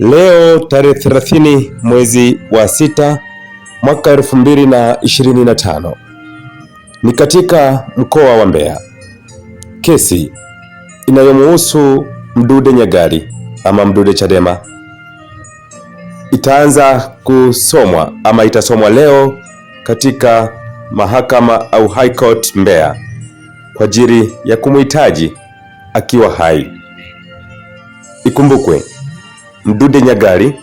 Leo tarehe 30 mwezi wa sita mwaka elfu mbili na ishirini na tano ni katika mkoa wa Mbeya, kesi inayomuhusu Mdude Nyagali ama Mdude Chadema itaanza kusomwa ama itasomwa leo katika mahakama au High Court Mbeya kwa ajili ya kumuhitaji akiwa hai. Ikumbukwe Mdude Nyagali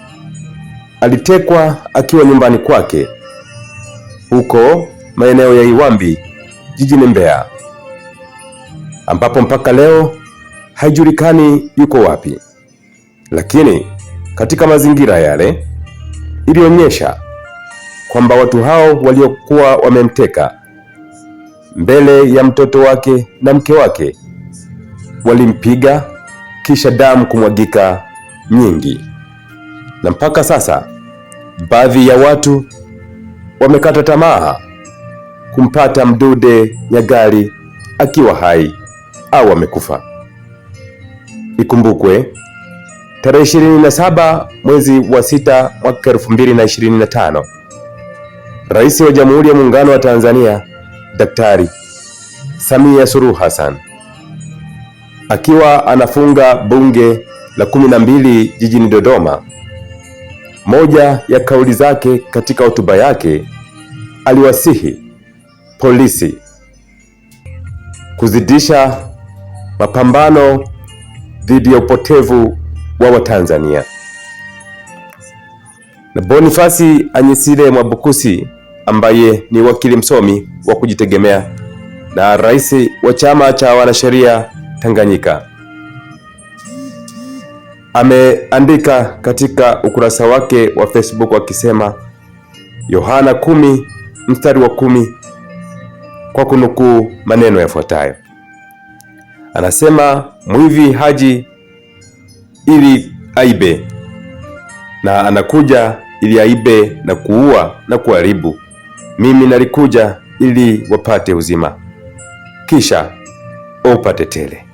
alitekwa akiwa nyumbani kwake huko maeneo ya Iwambi jijini Mbeya, ambapo mpaka leo haijulikani yuko wapi, lakini katika mazingira yale ilionyesha kwamba watu hao waliokuwa wamemteka mbele ya mtoto wake na mke wake walimpiga kisha damu kumwagika nyingi, na mpaka sasa baadhi ya watu wamekata tamaa kumpata Mdude Nyagali akiwa hai au amekufa. Ikumbukwe tarehe 27 mwezi wa 6 mwaka 2025 Rais wa Jamhuri ya Muungano wa Tanzania Daktari Samia Suluhu Hassan akiwa anafunga bunge la kumi na mbili jijini Dodoma. Moja ya kauli zake katika hotuba yake, aliwasihi polisi kuzidisha mapambano dhidi ya upotevu wa Watanzania. Na Bonifasi Anyisile Mwabukusi ambaye ni wakili msomi wa kujitegemea na rais wa chama cha wanasheria Tanganyika ameandika katika ukurasa wake wa Facebook akisema Yohana kumi mstari wa kumi kwa kunukuu maneno yafuatayo, anasema mwivi haji ili aibe, na anakuja ili aibe na kuua na kuharibu. Mimi nalikuja ili wapate uzima, kisha upate tele.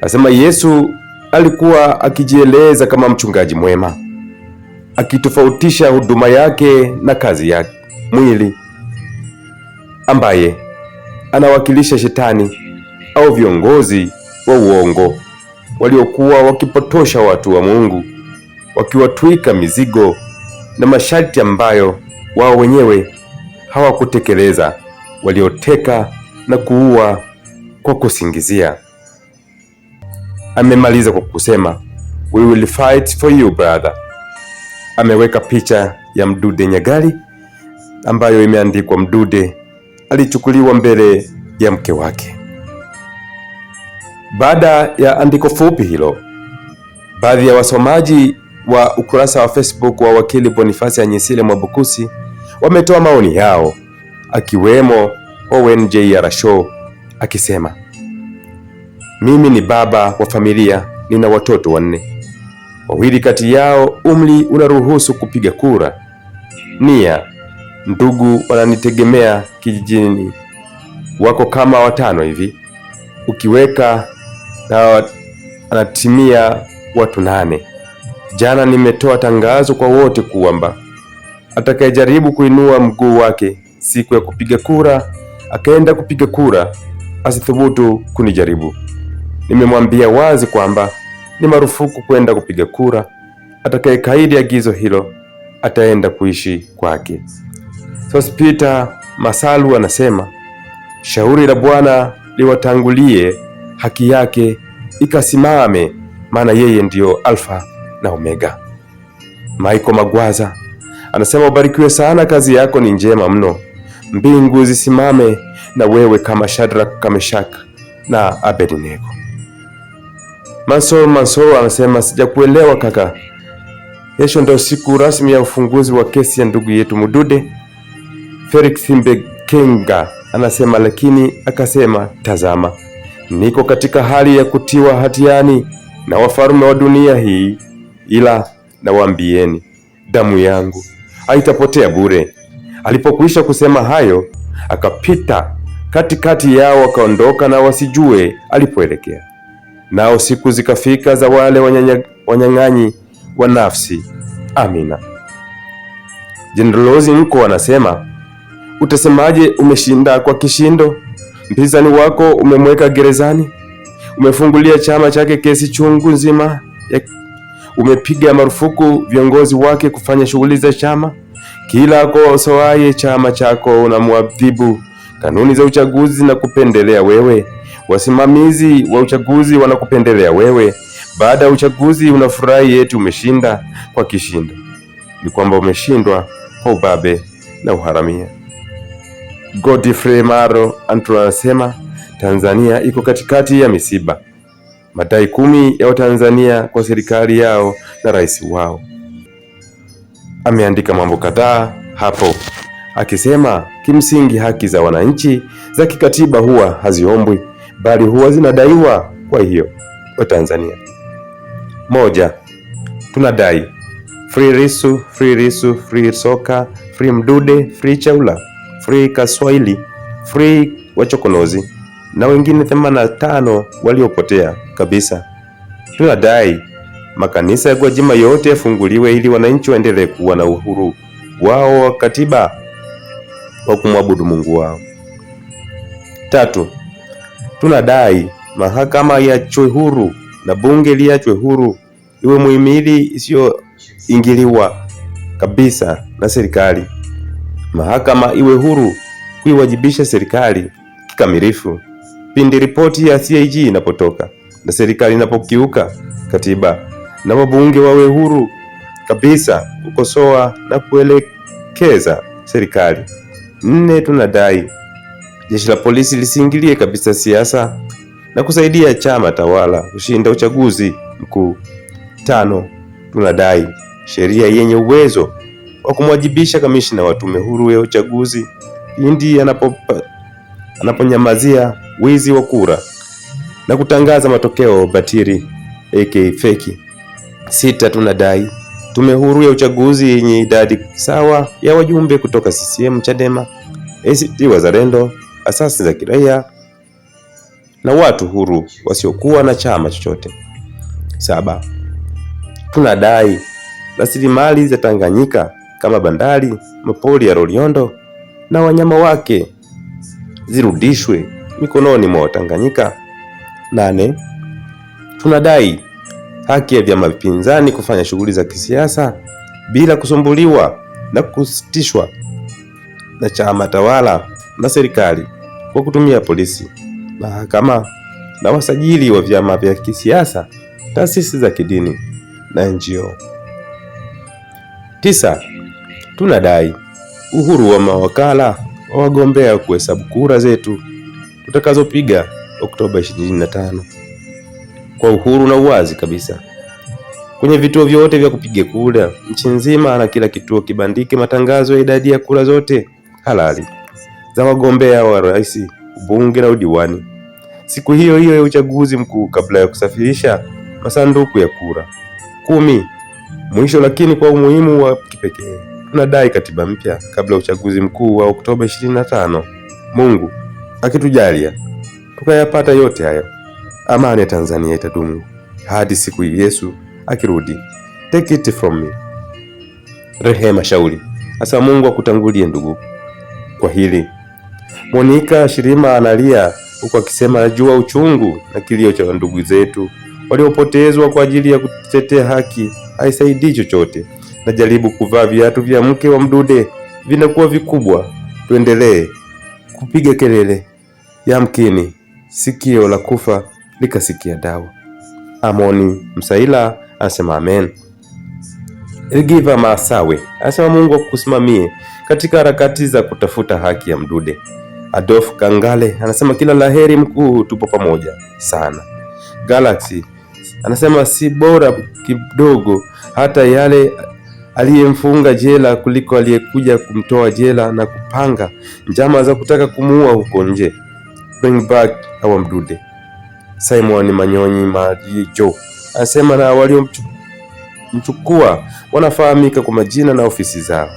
Anasema Yesu alikuwa akijieleza kama mchungaji mwema, akitofautisha huduma yake na kazi ya mwili, ambaye anawakilisha shetani au viongozi wa uongo waliokuwa wakipotosha watu wa Mungu, wakiwatwika mizigo na masharti ambayo wao wenyewe hawakutekeleza, walioteka na kuua kwa kusingizia amemaliza kwa kusema we will fight for you brother. Ameweka picha ya Mdude Nyagali ambayo imeandikwa Mdude alichukuliwa mbele ya mke wake. Baada ya andiko fupi hilo, baadhi ya wasomaji wa ukurasa wa Facebook wa wakili Bonifasi Anyisile Mwabukusi wametoa maoni yao, akiwemo Owen J. Arasho akisema mimi ni baba wa familia, nina watoto wanne. Wawili kati yao umri unaruhusu kupiga kura. Nia ndugu wananitegemea kijijini, wako kama watano hivi, ukiweka na anatimia watu nane. Jana nimetoa tangazo kwa wote kwamba atakayejaribu kuinua mguu wake siku ya kupiga kura akaenda kupiga kura asithubutu kunijaribu. Nimemwambia wazi kwamba ni marufuku kwenda kupiga kura. Atakayekaidi agizo hilo ataenda kuishi kwake. Sospeter Masalu anasema shauri la Bwana liwatangulie, haki yake ikasimame, maana yeye ndiyo Alfa na Omega. Maiko Magwaza anasema ubarikiwe sana, kazi yako ni njema mno. Mbingu zisimame na wewe kama Shadraka, Meshaka na Abednego. Mansor Mansor anasema sijakuelewa kaka. Kesho ndio siku rasmi ya ufunguzi wa kesi ya ndugu yetu Mudude. Felix Mbekenga anasema lakini akasema, tazama, niko katika hali ya kutiwa hatiani na wafalme wa dunia hii, ila nawaambieni damu yangu haitapotea bure. Alipokwisha kusema hayo, akapita katikati yao, akaondoka na wasijue alipoelekea nao siku zikafika za wale wanyang'anyi wa nafsi. Amina. Jeneralozi Nko anasema utasemaje? Umeshinda kwa kishindo, mpinzani wako umemweka gerezani, umefungulia chama chake kesi chungu nzima ya umepiga marufuku viongozi wake kufanya shughuli za chama. Kila akosoaye chama chako unamwadhibu. Kanuni za uchaguzi na kupendelea wewe Wasimamizi wa uchaguzi wanakupendelea wewe. Baada ya uchaguzi unafurahi eti umeshinda kwa kishindo. Ni kwamba umeshindwa kwa ubabe na uharamia. Godfrey Maro Antro anasema Tanzania iko katikati ya misiba. Madai kumi ya Watanzania kwa serikali yao na rais wao. Ameandika mambo kadhaa hapo akisema kimsingi haki za wananchi za kikatiba huwa haziombwi bali huwa zinadaiwa. Kwa hiyo Tanzania, moja, tunadai free risu free risu, free soka, free Mdude, free Chaula, free Kaswahili, free wachokonozi na wengine 85 waliopotea kabisa. Tunadai makanisa ya Gwajima yote yafunguliwe ili wananchi waendelee kuwa na uhuru wao wa katiba wa kumwabudu Mungu wao. Tatu, Tunadai mahakama iachwe huru na bunge liachwe huru, iwe muhimili isiyoingiliwa kabisa na serikali. Mahakama iwe huru kuiwajibisha serikali kikamilifu pindi ripoti ya CAG inapotoka na serikali inapokiuka katiba, na wabunge wawe huru kabisa kukosoa na kuelekeza serikali. Nne, tunadai jeshi la polisi lisiingilie kabisa siasa na kusaidia chama tawala kushinda uchaguzi mkuu. Tano, tunadai sheria yenye uwezo wa kumwajibisha kamishina wa tume huru ya uchaguzi pindi anaponyamazia wizi wa kura na kutangaza matokeo batili aka feki. Sita, tunadai tume huru ya uchaguzi yenye idadi sawa ya wajumbe kutoka CCM, Chadema, ACT Wazalendo asasi za kiraia na watu huru wasiokuwa na chama chochote. Saba, tunadai rasilimali za Tanganyika kama bandari, mapori ya Loliondo na wanyama wake zirudishwe mikononi mwa Watanganyika. Nane, tunadai haki ya vyama vipinzani kufanya shughuli za kisiasa bila kusumbuliwa na kusitishwa na chama tawala na serikali kwa kutumia polisi, mahakama na wasajili wa vyama vya kisiasa, taasisi za kidini na NGO. Tisa, tunadai uhuru wa mawakala wa wagombea kuhesabu kura zetu tutakazopiga Oktoba 25 kwa uhuru na uwazi kabisa kwenye vituo vyote vya kupiga kura nchi nzima, na kila kituo kibandike matangazo ya idadi ya kura zote halali za wagombea wa rais, ubunge na udiwani siku hiyo hiyo ya uchaguzi mkuu kabla ya kusafirisha masanduku ya kura. Kumi. Mwisho lakini kwa umuhimu wa kipekee, tunadai katiba mpya kabla uchaguzi mkuu wa Oktoba 25. Mungu akitujalia tukayapata yote hayo, amani ya Tanzania itadumu hadi siku Yesu akirudi. Take it from me. Rehema Shauri. Asa Mungu akutangulie ndugu kwa hili monika Shirima analia huku akisema anajua uchungu na kilio cha ndugu zetu waliopotezwa kwa ajili ya kutetea haki haisaidii chochote. Najaribu kuvaa viatu vya mke wa Mdude vinakuwa vikubwa. Tuendelee kupiga kelele, yamkini sikio la kufa likasikia dawa. Amoni Msaila anasema amen. Elgiva Masawe anasema Mungu akusimamie katika harakati za kutafuta haki ya Mdude. Adolf Kangale anasema kila laheri mkuu, tupo pamoja sana. Galaxy anasema si bora kidogo hata yale aliyemfunga jela kuliko aliyekuja kumtoa jela na kupanga njama za kutaka kumuua huko nje. Bring back au mdude. Simon Manyonyi Marijo anasema na waliomchukua wanafahamika kwa majina na ofisi zao.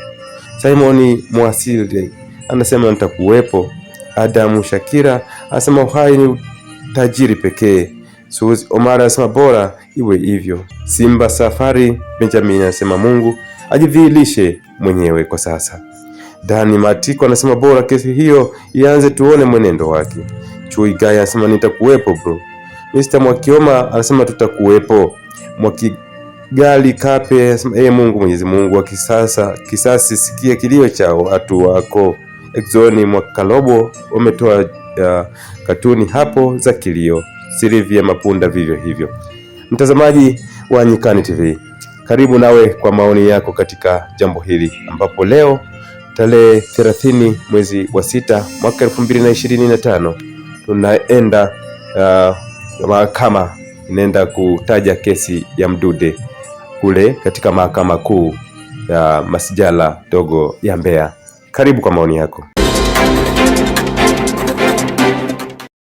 Simon Mwasilde anasema nitakuwepo Adamu Shakira asema uhai ni tajiri pekee. Suzi Omar anasema bora iwe hivyo. Simba Safari Benjamin anasema Mungu ajidhihirishe mwenyewe kwa sasa. Dani Matiko anasema bora kesi hiyo ianze, tuone mwenendo wake. Chui Gaya anasema nitakuwepo bro. Mr Mwakioma anasema tutakuwepo. Mwakigali Kape anasema ee Mungu, Mwenyezi Mungu wa kisasa kisasi, sikia kilio cha watu wako. Exoni mwa Kalobo wametoa uh, katuni hapo za kilio. Silivia Mapunda vivyo hivyo. Mtazamaji wa Nyikani TV, karibu nawe kwa maoni yako katika jambo hili ambapo leo tarehe 30 mwezi wa sita mwaka elfu mbili na ishirini na tano tunaenda uh, mahakama inaenda kutaja kesi ya Mdude kule katika mahakama kuu ya masijala dogo ya Mbeya. Karibu kwa maoni yako.